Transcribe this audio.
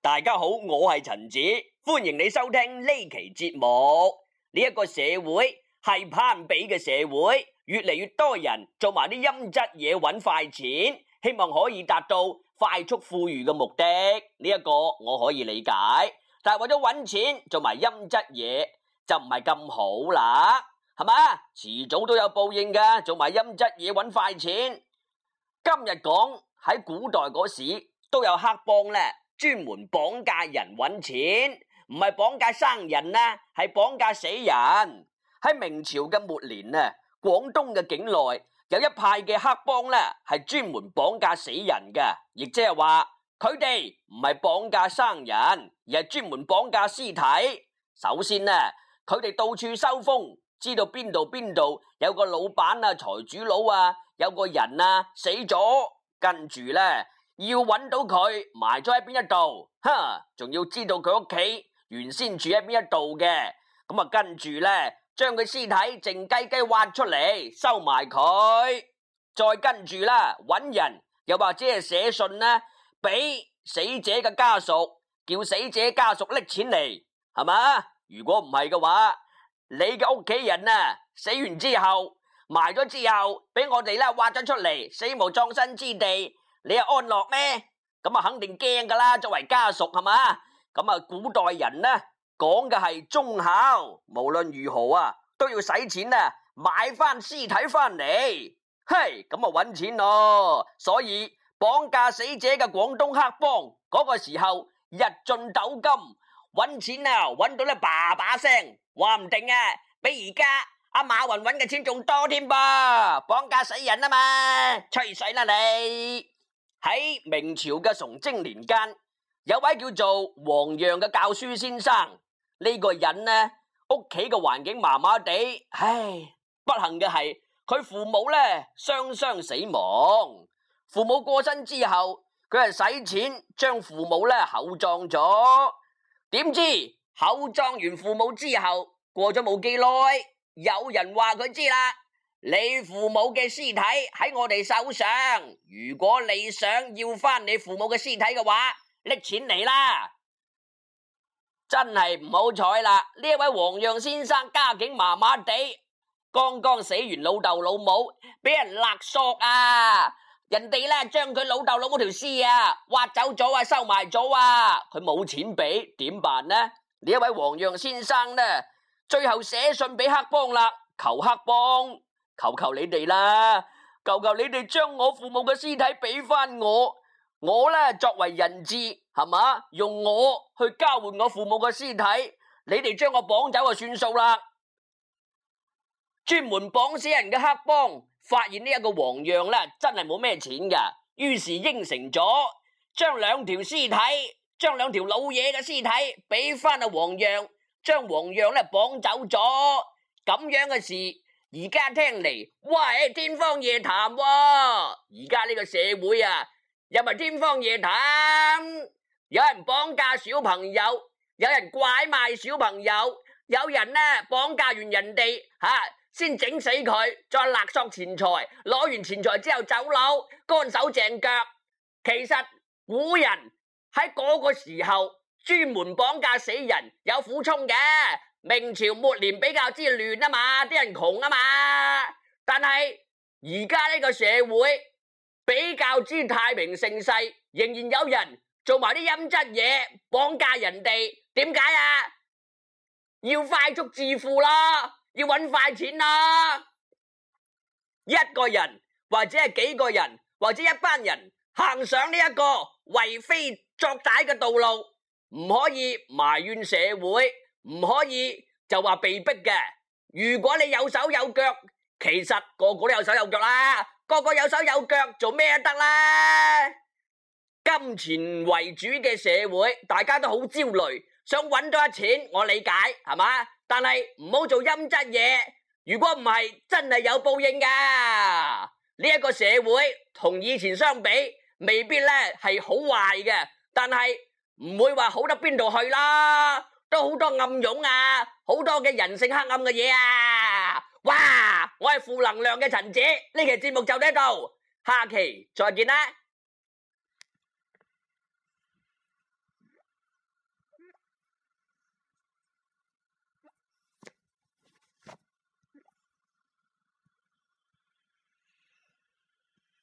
大家好，我係陳子，歡迎你收聽呢期節目。呢一個社會係攀比嘅社會，越嚟越多人做埋啲陰質嘢，揾快錢，希望可以達到快速富裕嘅目的。呢一個我可以理解，但係為咗揾錢做埋陰質嘢就唔係咁好啦，係咪啊？遲早都有報應噶，做埋陰質嘢揾快錢。今日講喺古代嗰時都有黑幫呢。專門綁架人揾錢，唔係綁架生人啦，係綁架死人。喺明朝嘅末年呢，廣東嘅境內有一派嘅黑幫咧，係專門綁架死人嘅，亦即係話佢哋唔係綁架生人，而係專門綁架屍體。首先呢，佢哋到處收風，知道邊度邊度有個老闆啊、財主佬啊，有個人啊死咗，跟住呢。要揾到佢埋咗喺邊一度，哈，仲要知道佢屋企原先住喺邊一度嘅咁啊。跟住咧，將佢屍體靜雞雞挖出嚟收埋佢，再跟住啦，揾人又或者係寫信呢，俾死者嘅家屬，叫死者家屬拎錢嚟，係嘛？如果唔係嘅話，你嘅屋企人啊，死完之後埋咗之後，俾我哋啦挖咗出嚟，死無葬身之地。你又安樂咩？咁啊，肯定驚噶啦！作為家屬係嘛？咁啊，古代人呢講嘅係忠孝，無論如何啊都要使錢啊買翻屍體翻嚟。嘿，咁啊，搵錢咯！所以綁架死者嘅廣東黑幫嗰個時候日進斗金，搵錢啊搵到咧爸爸聲，話唔定啊比而家阿馬雲搵嘅錢仲多添噃！綁架死人啊嘛，吹水啦你！喺明朝嘅崇禎年間，有位叫做王陽嘅教書先生。呢、這個人呢，屋企嘅環境麻麻地，唉，不幸嘅係佢父母呢雙雙死亡。父母過身之後，佢係使錢將父母呢厚葬咗。點知厚葬完父母之後，過咗冇幾耐，有人話佢知啦。你父母嘅屍體喺我哋手上。如果你想要翻你父母嘅屍體嘅話，搦錢嚟啦。真係唔好彩啦！呢一位黃楊先生家境麻麻地，剛剛死完老豆老母，俾人勒索啊！人哋呢將佢老豆老母條屍啊挖走咗啊，收埋咗啊，佢冇錢俾，點辦呢？呢一位黃楊先生呢，最後寫信俾黑幫啦，求黑幫。求求你哋啦！求求你哋將我父母嘅屍體俾翻我，我呢，作為人質係嘛，用我去交換我父母嘅屍體，你哋將我綁走就算數啦。嗯、專門綁死人嘅黑幫發現呢一個黃洋呢真係冇咩錢噶，於是應承咗，將兩條屍體，將兩條老嘢嘅屍體俾翻阿黃洋，將黃洋呢綁走咗，咁樣嘅事。而家聽嚟，喂，天方夜譚啊。而家呢個社會啊，又咪天方夜譚，有人綁架小朋友，有人拐賣小朋友，有人呢綁架完人哋吓，啊，先整死佢，再勒索錢財，攞完錢財之後走佬，乾手淨腳。其實古人喺嗰個時候專門綁架死人，有苦衷嘅。明朝末年比較之亂啊嘛，啲人窮啊嘛，但係而家呢個社會比較之太平盛世，仍然有人做埋啲陰質嘢，綁架人哋，點解啊？要快速致富啦，要揾快錢啦，一個人或者係幾個人或者一班人行上呢一個為非作歹嘅道路，唔可以埋怨社會。唔可以就話被逼嘅。如果你有手有腳，其實個個都有手有腳啦。個個有手有腳做咩都得啦。金錢為主嘅社會，大家都好焦慮，想揾多啲錢，我理解，係嘛？但係唔好做陰質嘢。如果唔係，真係有報應噶。呢一個社會同以前相比，未必呢係好壞嘅，但係唔會話好得邊度去啦。都好多暗湧啊，好多嘅人性黑暗嘅嘢啊。哇，我係負能量嘅陳姐，呢期節目就到呢度，下期再見啦！